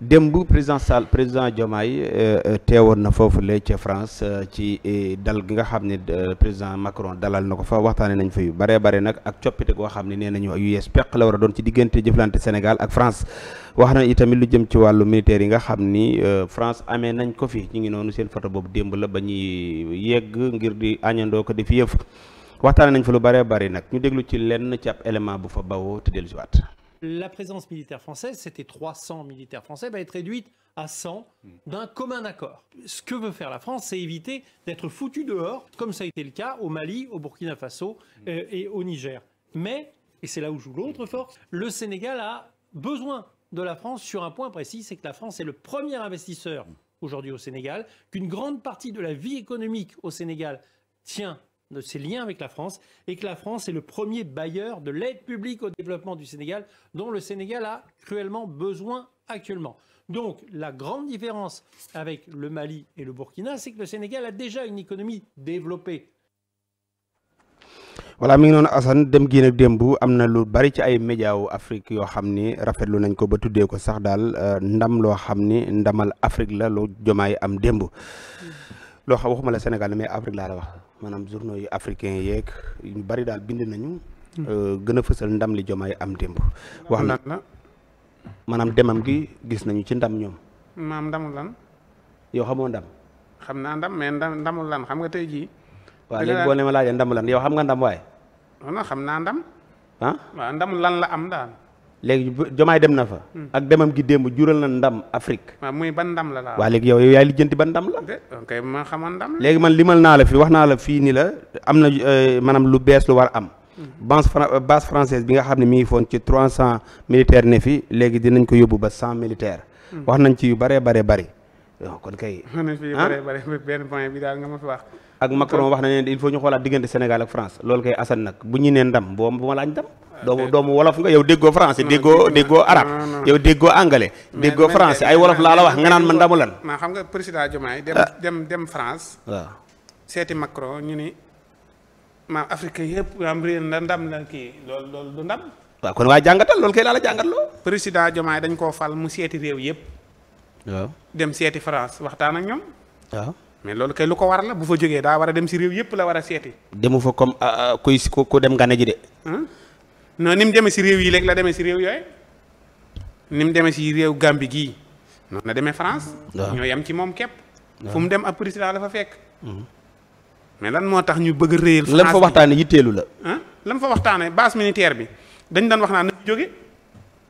démb président Sall président Diomaye euh, euh, teewoon na foofu la ca France euh, ci dal gi nga xam ne président Macron dalal na ko fa waxtaanee nañ fa yu baree bare nag ak coppite goo xam ne nee nañu yu peq la war a doon ci diggante jëflante Sénégal ak France wax na itamit lu jëm ci wàllu militaire yi nga xam ni France amee nañ ko fi ñu ngi noonu seen photo boobu démb la ba ñuy yegg ngir di añandoo ko di fi yëf waxtaanee nañ fa lu baree bari nag ñu déglu ci lenn ca ab bu fa bawoo te dellusiwaat. la présence militaire française, c'était 300 militaires français, va être réduite à 100 mm. d'un commun accord. Ce que veut faire la France, c'est éviter d'être foutu dehors, comme ça a été le cas au Mali, au Burkina Faso mm. euh, et au Niger. Mais, et c'est là où joue l'autre mm. force, le Sénégal a besoin de la France sur un point précis, c'est que la France est le premier investisseur aujourd'hui au Sénégal, qu'une grande partie de la vie économique au Sénégal tient de ses liens avec la France et que la France est le premier bailleur de l'aide publique au développement du Sénégal dont le Sénégal a cruellement besoin actuellement. Donc la grande différence avec le Mali et le Burkina, c'est que le Sénégal a déjà une économie développée. voilà mi ngi noonu dem gii nag démb am na lu bari ci ay média Afrique yoo xam ni rafetlu nañ ko ba tuddee ko sax daal euh, ndam loo xam ni ndamal Afrique la lu jomaay am démb mm. loo xam waxuma la Sénégal laa maanaam journaux yu africain yeeg ñu bari daal bind nañu. Hmm. Euh, gën a fësal ndam li Diomaye am demb wax na maanaam demam gi gis nañu ci ndam ñoom. maam ndamul lan. yow xamoo ndam. xam naa ndam mais ndam lan xam nga tey jii. waaw léegi boo ne ma laajee ndamul lan yow xam nga ndam waaye. non xam naa ndam. ah waaw lan la am daal. léegi jomaay dem na fa. Hmm. ak demam gi démb jural na ndam Afrique. waaw muy ban ndam la laa waaw léegi yow yaay lijjanti ba ndam la. ma xamoon ndam la. léegi man limal naa la fi wax naa la fii ni la am na euh, maanaam lu bees lu war am. Hmm. base fran euh, base française bi nga xam ne mi ngi foon ci trois cent militaires ne fi léegi dinañ ko yóbbu ba cent militaire hmm. wax nañ ci yu bëree bare bëri. kon kay. Ah? benn point bi daal nga ma fi wax. ak Macron wax na il faut ñu xoolaat diggante Sénégal ak France loolu kay Assane nag bu ñu nee ndam boo bu ma doomu doomu wolof nga yow déggoo français déggoo déggoo arabe yow déggoo anglais déggoo français ay wolof laa la wax nga naan ma ndamu lan maa xam nga président Diomaye dem ah. dem dem France seeti Macron ñu ni maam Afrique yëpp am réer ndam la ndam kon waaye jàngatal loolu kay laa la jàngat loo dañ koo fal mu seeti réew yëpp seeti France waxtaan ak ñoom waaw mais loolu kay lu ko war la bu fa jógee daa war a dem si réew yëpp la war a seeti demu fa comme ah, ah, kuy ku dem gane ji de non ni mu demee si réew yi léegi la demee si réew yooyu ni mu demee si réew Gambie gii noonu la demee France. ñoo yem ci moom képp. fu mu dem ab président la fa fekk. Mm-hmm. mais lan moo tax ñu bëgg a réyal. France lan fa waxtaanee yitteelu la. lan fa waxtaanee base militaire bi dañ doon wax naa na jóge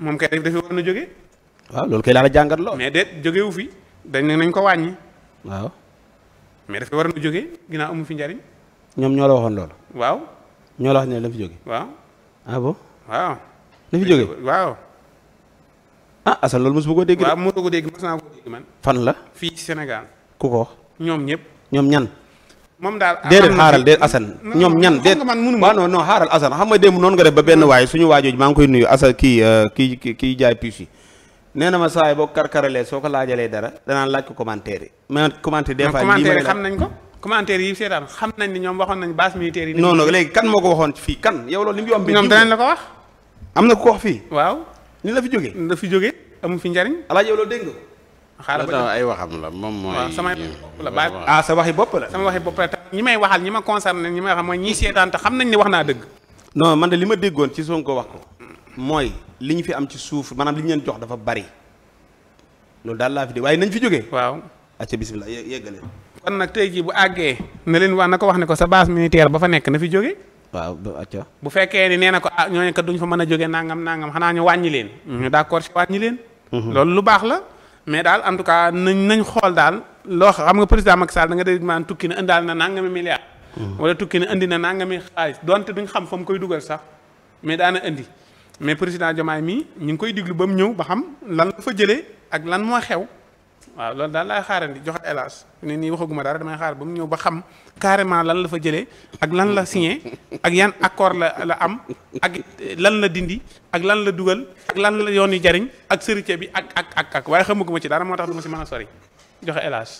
moom kay def dafi war na jóge. waaw loolu kay laa la jàngat lool. mais déet jóge fi dañ ne nañ ko wàññi. waaw. mais dafa war na jóge ginnaaw amu fi njariñ ñoom ñoo la waxoon loolu. waaw. ñoo la wax ne la fi jóge waaw. ah bon waaw. na fi jógee waaw. ah Assane loolu mosuma ko dégg. waaw mosuma ko dégg mos man. fan la. fii Sénégal. ku ko. ñoom ñëpp. ñoom ñan. moom daal ah, déedéet xaaral déedéet Assane ñoom ñan déet waaw xaaral Assane xam nga démb noon nga def ba benn hmm? waaye suñu waajooji maa ngi koy nuyu Assane euh, kii kii kii jaay puce yi nee na ma saa yi boo karkaralee soo ko laajalee dara danaa laaj ko commentaire yi mais commentaire des fois lii ma commentaire xam nañ ko commentaire yi seetaan xam nañ ni ñoom waxoon nañ base militaire yi. non non léegi kan moo ko waxoon fii kan yow loolu li mu yombee. ñoom danañ la wax. am na ku ko wax fii. waaw ni la fi jógee. ni la fi fi njariñ. alaaji yow dégg nga. xaaral ba ay la moom mooy. waaw la baax ah sa waxi bopp la. sama waxi bopp la ñi may waxal ñi ma concerné ñi may wax seetaan te xam nañ ni wax naa dëgg. non man de li ma déggoon ci Sonko wax ko. mooy li ñu fi am ci suuf maanaam li ñu leen jox dafa bari loolu daal laa fi dégg waaye nañ fi jóge waaw acca bismillah yeggaleen kon nag tey jii bu àggee na leen wax na ko wax ko sa base militaire ba fa nekk na fi jóge waaw bu fekkee ni nee na ko ah ñooñu kat duñ fa mën a jóge nangam nangam xanaa ñu wàññi leen mhm. ñu d'accord si wàññi leen mhm. loolu lu baax la mais daal en tout cas nañ nañ xool daal loo xam nga président Macky Sall da nga maan tukki na indaal na nangami milliard mhm. wala tukki na indi na nangami xaalis donte duñ xam fa mu koy dugal sax mais daana indi mais président Diomaye mii ñu ngi koy diglu ba mu ñëw ba xam lan la fa jëlee ak lan moo xew waaw loolu daal laay di joxe elage ne nii waxaguma dara damay xaar ba mu ñëw ba xam carrément lan la fa jëlee ak lan la signé ak yan accord la la am ak lan la dindi ak lan la dugal ak lan la yoon yu jariñ ak sërite bi ak ak ak ak waaye xamaguma ci dara moo tax du ma si mën a sori joxe elage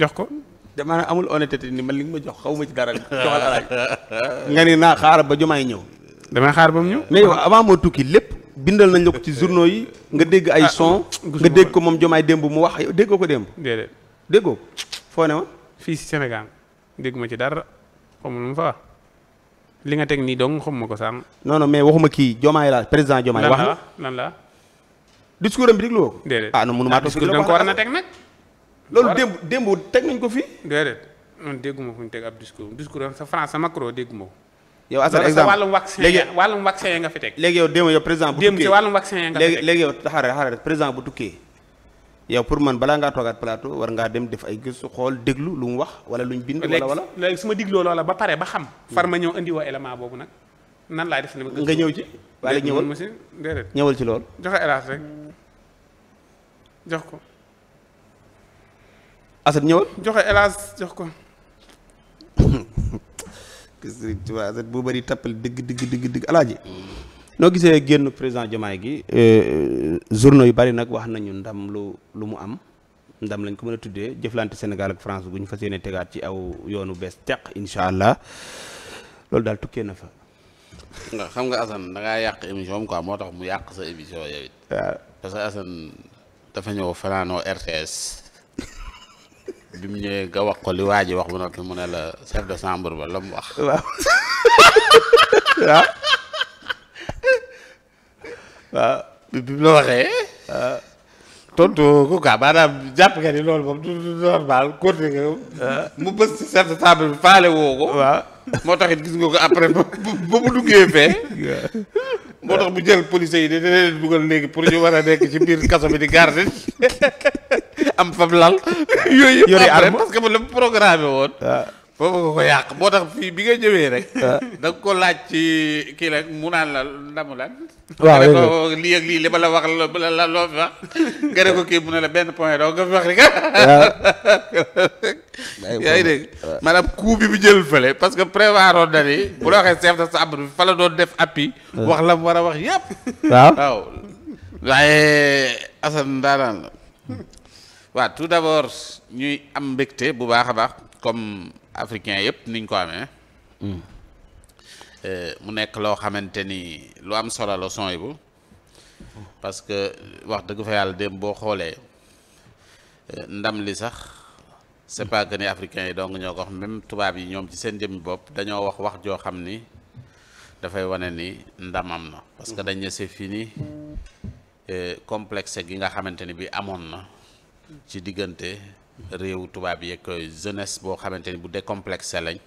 jox ko. damaa amul honnêteté ni man li nga ma jox xawma ci dara joxal alaaj nga ni naa xaar ba jumaay ñëw. damay xaar ba mu ñëw. mais yow avant moo tukki lépp. bindal nañ la ko ci journaux yi nga dégg ay ah, son nga dégg ko moom jomaay démb mu wax déggoo ko démb déedéet déggoo ko foo ne woon fii si Sénégal dégg ma ci dara xamul mu fa wax nga teg nii dong xam ma ko sànn non non mais waxuma kii jomaay la président jomaay wax na lan la discours am bi déglu woo ko déedéet ah non mënu maa discours da nga ko war teg nag loolu démb démb teg nañ ko fii déedéet man dégguma fu ñu teg ab discours discours am sa France sa macro dégguma ko yow asal exemple wàllum vaccin léegi wàllum vaccin ya nga fi teg. léegi yow démb yow président bu. tukkee démb ci wàllum vaccin ya nga fi teg léegi yow pour man balaa nga toogaat plateau war ngaa dem def ay gëstu xool déglu lu mu wax wala lu ñu bind. la wala léegi su ma digloo loola ba pare ba xam. Hmm. far ma ñëw indi woo élément boobu nag. nan laa def li ma nga ñëw ci. wala ñëwal déedéet ñëwal ci loolu. joxe hélas rek jox ko. asal ñëwal joxe hélas jox ko. barke Serigne bari set bu bëri tappal dëgg dëgg dëgg dëgg alaaji noo gisee génn président jamaay gi euh, euh, journaux yu bari nag wax nañu ndam lu lu mu am ndam lañ ko mën a tuddee jëflante Sénégal ak France bu ñu fas yéene tegaat ci aw yoonu bees teq incha allah loolu daal tukkee na fa nga xam nga Assane da ngaa yàq émission am moo tax mu yàq sa émission yow it parce que Assane dafa ñëw fanaanoo RTS bi mu ñëwee nga wax ko li waa ji wax ba noppi mu ne la chef de chambre ba la mu wax. waaw waaw waaw bi mu la waxee. waaw tontu ko quoi maanaam jàpp nga ni loolu moom du du normal continué nga. mu bës ci chef de chambre bi faale woo ko. waaw moo tax gis nga ko après ba mu duggee fee. moo tax mu jël police yi dina leen dugal léegi pour ñu war a nekk ci biir kaso bi di garder. am fab lal. yooyu yore arme parce que mu la programme woon. Ah. foofu nga ko yàq boo tax fii bi nga jëwee rek. Ah. da nga ko laaj ci kii la mu naan la ndamu la waaw lii ak lii li ma la wax la la loo nga ne ko benn point doo ah. yaa ngi dégg maanaam coup bu jël fële parce que prévoir na ni. bu la waxee chef de chambre bi fa la doon def appui. wax la mu war a wax yépp waaw waaw. waaye Assane daanaan la. waa tout d'abord ñuy am mbégte bu baax a baax comme africain yëpp niñ ko amee hmm. euh, mu nekk loo xamante ni lu am solo la son bu parce que wax dëgg fa yàlla dem boo xoolee euh, ndam li sax c'est pas que ni africains yi donc ñoo ko wax tubaab yi ñoom ci seen jëmmi bopp dañoo wax wax joo xam ni dafay wane ni ndamam na parce que dañ ne c'est fini euh, complexe gi nga xamante ni bi amoon na ci diggante réew tubaab yeeg jeunesse boo xamante ni bu de décomplexé lañ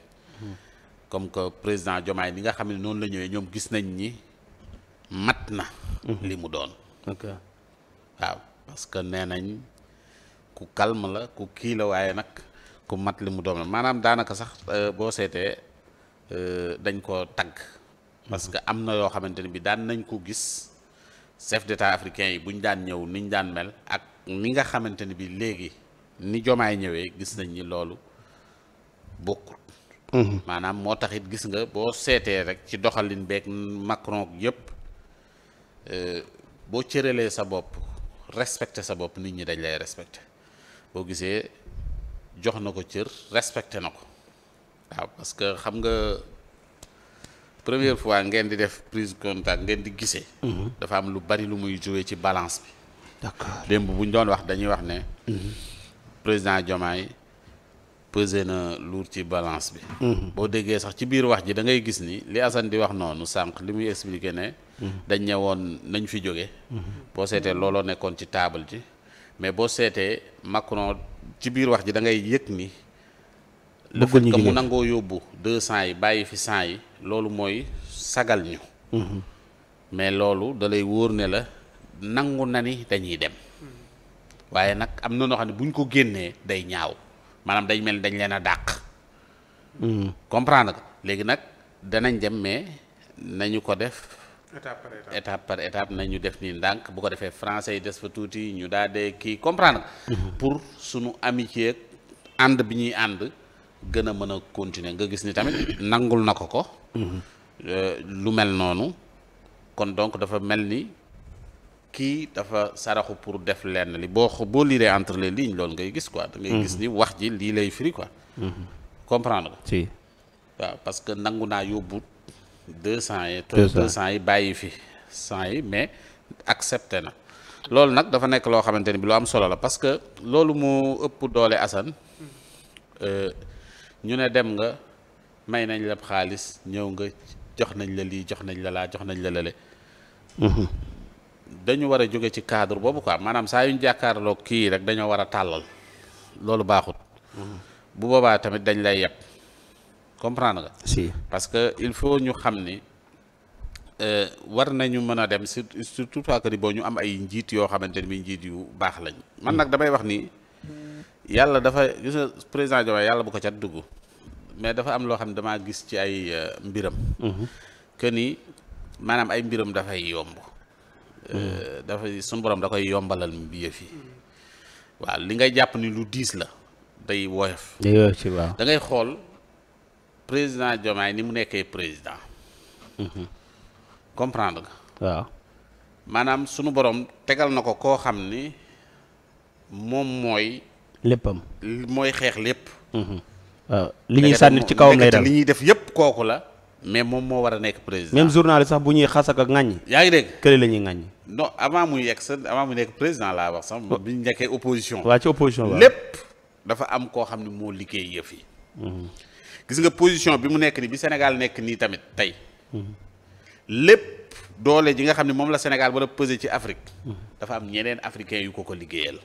comme que président Diomaye li nga xam ne noonu la ñëwee ñoom gis nañ ni mat na li mu doon waaw parce que nee nañ ku calme la ku kii la waaye nag ku mat li mu doon maanaam daanaka sax euh, boo seetee euh, dañ ko tagg parce que am na yoo xamante ni bi daan nañ ko gis chef d'état africain yi bu ñu daan ñëw niñ daan mel ak mi nga xamante ni bi léegi ni jomaay ñëwee gis nañ ni loolu bokkut mhm. maanaam moo tax it gis nga boo seetee rek ci doxalin beeg Macron yëpp euh, boo cëralee sa bopp respecté sa bopp nit ñi dañ lay respecté boo gisee jox na ko cër respecté na ko waaw parce que xam nga première fois ngeen di def prise contact ngeen di gisee. Mhm. dafa am lu bari lu muy joué ci balance bi. d'accord démb bu ñu doon wax dañuy wax ne. Mhm. président yi pesé na lourd ci balance bi. Mhm. boo déggee sax ci biir wax ji da ngay gis ni li Assane di wax noonu sànq li muy expliqué ne. Mhm. dañ ne woon nañ fi jóge. boo seetee looloo nekkoon ci taabal ji mais boo seetee Macron ci biir wax ji da ngay yëg ni. le fait mu nangoo yóbbu deux cent yi bàyyi fi cent yi loolu mooy sagal ñu. mais loolu da wóor ne la. nangu na ni dañuy dem waaye nag am na noo xam ne bu ñu ko génnee day ñaaw maanaam day mel ni dañ leen a dàq hmm. comprendre nga léegi nag danañ dem mais nañu ko def étape par étape étape par étape nañu def ni ndànk bu ko defee français yi des fa tuuti ñu daal de kii comprendre hmm. pour suñu amitié ànd bi ñuy ànd gën a mën a continuer nga gis ni tamit nangul na ko ko hmm. euh, lu mel noonu kon donc dafa mel ni kii dafa saraxu pour def lenn li boo boo liree entre lii ñu loolu ngay gis quoi. da ngay gis mhm. ni wax ji lii lay firi quoi. Mhm. comprendre nga. waaw parce que nangu naa yóbbu deux cent yi. deux cent yi bàyyi fi cent yi mais ak accepté na. loolu nag dafa nekk loo xamante ni bi lu am solo la parce que loolu moo ëpp doole Assane euh, ñu ne dem nga may nañ la xaalis ñëw nga jox nañ la lii jox nañ la laa jox nañ la lale. Mhm. dañu war a jóge ci cadre boobu quoi maanaam saa yu ñu jàkkaarloo kii rek dañoo war a tàllal loolu baaxut. bu boobaa tamit dañ lay yeb comprendre nga. si parce que il faut ñu xam ni euh, war nañu mën a dem surtout surtout que boo ñu am ay njiit yoo xamante ni bi njiit yu baax lañ. man nag damay wax ni yàlla dafa gis nga président Diomaye yàlla bu ko ca dugg mais dafa am loo xam ne damaa gis ci ay euh, mbiram. Mm-hmm. que ni maanaam ay mbiram dafay yomb. Euh, dafa suñu borom da koy yombalal yëf fii waaw li ngay jàpp ni lu diis la day woyof. day da ngay xool président Diomaye ni mu nekkee président. Mhm. comprendre nga. waaw maanaam sunu borom tegal na ko koo xam ni moom mooy. léppam mooy xeex lépp. Mhm. waaw li ñuy sànni ci kawam lay li ñuy def yépp kooku la. mais moom moo war a nekk président même journaliste sax bu ñuy xas ak ŋàññi. yaa ngi dégg kële la ñuy ŋàññi. non avant muy yegg sa avant muy nekk président laa wax sax oh. bi ñu nekkee opposition. waa ci opposition lépp dafa am koo xam ne moo liggéey yëf yi. Mhm. gis nga position bi mu nekk nii bi Sénégal nekk nii tamit tey. Mhm. lépp doole ji nga xam ne moom la Sénégal war a ci Afrique. Mhm. dafa am ñeneen africain yu ko ko liggéeyal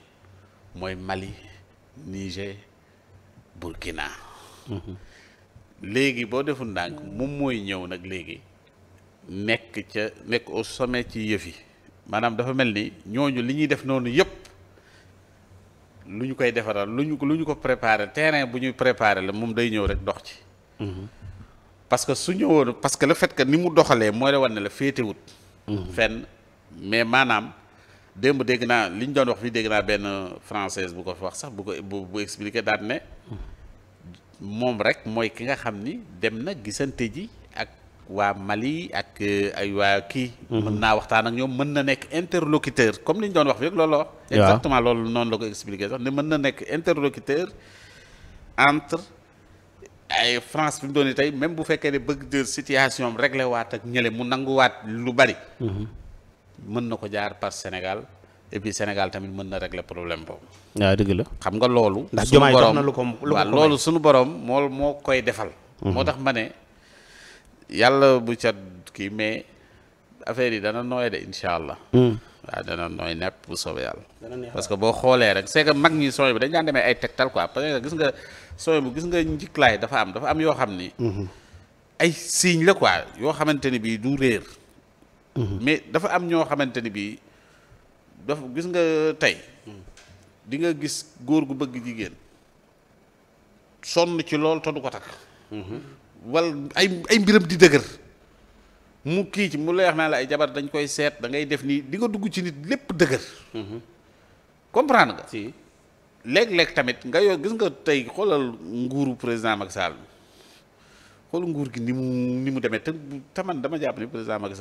mooy Mali Niger Burkina. léegi boo deful ndànk moom mooy ñëw nag léegi nekk ca nekk au sommet ci yëf yi maanaam dafa mel ni ñooñu li ñuy def noonu yëpp lu ñu koy defaral lu ñu lu ñu ko préparer terrain bu ñu préparer la moom day ñëw rek dox ci. Mhm. parce que su ñëwoon parce que le fait ni mu doxalee mooy la na ne la féetewut. Mhm. fenn mais maanaam démb dégg naa li ñu doon wax fii dégg naa benn française bu ko wax sax bu ko bu bu expliqué daal ne. Mhm. moom rek mooy ki nga xam ni dem na gisante ji ak waa Mali ak euh, ay waa kii. Mhm. mën naa waxtaan ak ñoom mën na nekk interlocuteur comme li ñu doon wax rek loolu la. exactement loolu noon la ko expliqué sax ne mën na nekk interlocuteur entre ay France bi mu doon tey même bu fekkee ne bëgg de situation réglé waat ak ñële mu nanguwaat lu bari. Mhm. mën na ko jaar par Sénégal. et puis Sénégal tamit mën na régler problème boobu. waaw ah, dëgg la xam nga loolu. ndax jomaay jox na lu ko waaw loolu suñu borom moo moo koy defal. Mhm. moo tax ma ne yàlla bu ca kii mais affaire yi dana nooy de incha allah. Mhm. waaw dana nooy nepp bu soobee yàlla. parce que boo xoolee rek c'est que mag ñi sooy bi dañ daan demee ay tegtal quoi parce que gis nga sooy bu gis nga njiklaay dafa am dafa am yoo xam ni. Mhm. ay signe la quoi yoo xamante ni bii du réer. mais dafa am ñoo xamante ni bii. dof gis nga tey hmm. di nga gis góor gu bëgg jigéen sonn ci lool te du ko takk hmm. wala ay ay mbiram di dëgër mu kii ci mu leex naa la ay jabar dañ koy seet da ngay def nii di nga dugg ci nit lépp dëgër hmm. comprendre nga si léeg-léeg tamit nga yoo gis nga tey xoolal nguuru président Macky Sall xool nguur gi ni mu ni mu demee te taman dama jàpp ni président Macky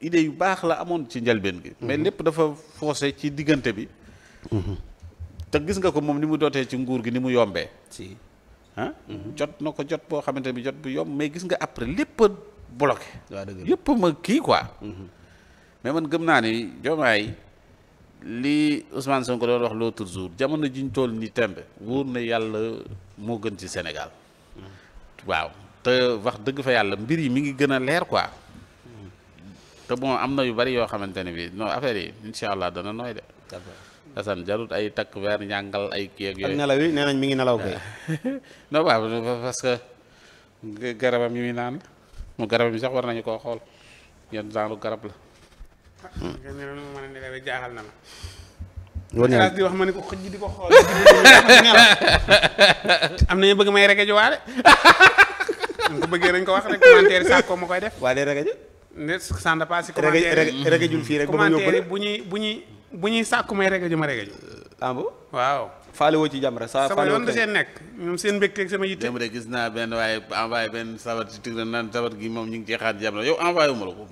idée yu baax la amoon ci njalbeen gi. Mhm. mais lépp dafa forcé ci diggante bi. Mhm. te gis nga ko moom ni mu dootee ci nguur gi ni mu yombee. si ah? mhm. jot na ko jot boo xamante bi jot bu yomb mais gis nga après lépp a bloqué. dëgg lépp ma kii quoi. mais man gëm naa ni Diomaye li Ousmane Sonko doon wax l'autre jour jamono jiñ toll ni tembe wóor na yàlla moo gën ci senegal waaw te wax dëgg fa yàlla mbir yi mi ngi gën a leer quoi. te bon am na yu bari yoo xamante ne bii noo affaire yi incha allah dana nooy de. Assane jarut ay takk weer ñàngal ay kii ak yooyu. nee nañ mi ngi nelaw kay. non waaw parce garabam yi muy naan mu sax war nañu koo xool yan garab la. Hmm. ne na ma. di ne ko xëj di ko xool. bëgg may rege ju waale. ko bëggee nañ ko wax rek commentaire sax ko ma koy def. waa day rege ne sanda pas si regejul fii rek commentaire bu ñuy bu ñuy bu ñuy sàkku may regeju ma regeju euh, ah waaw faale woo ci jàmm rek sa sama yoon da seen nekk ñoom seen mbégte ak sama yitte dem gis naa benn waaye envoyé benn sabar ci tigre naan sabar gi moom ñu ngi jeexaat xaar yow envoyé wu ma la ko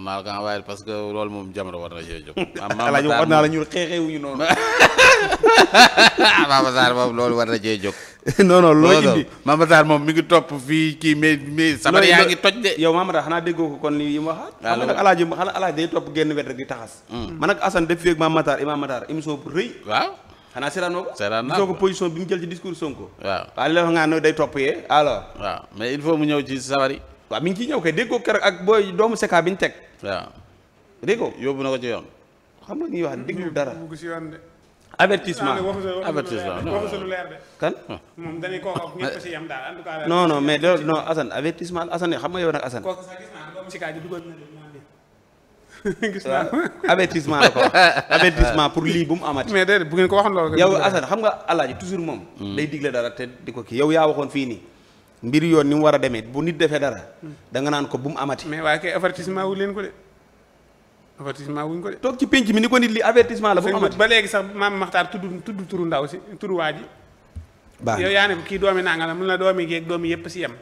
waroon parce que loolu moom jamono war na cee jóg. alaaji war naa la moom loolu mi ngi topp fii kii mais mais. sabar yaa ngi toj de. yow Mama Sarr xanaa déggoo ko kon lii yi ma waxaat. waaw xam nga nag topp génn wet rek di taxas. Hmm. man ak Assane def feeg Mama Sarr Imam Matar émission rëy. waaw. xanaa seetaanoo ko seetaan naa ko topp yee alors. waaw mais il faut mu ñëw ci sabar waaw mi ngi ci ñëw kay déggoo keroog ak booy doomu seka bi ñu teg. waaw déggoo yóbbu na ko ci yoon. xam nga ñuy wax déglu dara. avertissement avertissement kan. moom dañuy koo xam ñëpp si yam daal en tout cas. non non mais loolu non Assane avertissement Assane xam nga yow nag Assane. kooku sax gis na gis naa avertissement la ko pour lii bu mu amati. mais déedéet ko waxoon loolu. yow Assane xam nga alaaji toujours moom. Hmm. day digle dara te di ko kii yow yaa waxoon fii nii. mbir yoon ni mu war a demee bu nit defee dara danga naan ko bu mu amati. mais waaye kay avertissement wu leen ko de avertissement wuñ ko de. toog ci pénc mi ni ko nit li avertissement la bu mu amati ba léegi sax maam Maxtaar tudd tudd turu ndaw si turu waa ji. baax yow yaa ne kii doomi nanga la mun la doomi geeg doomi yëpp si yem.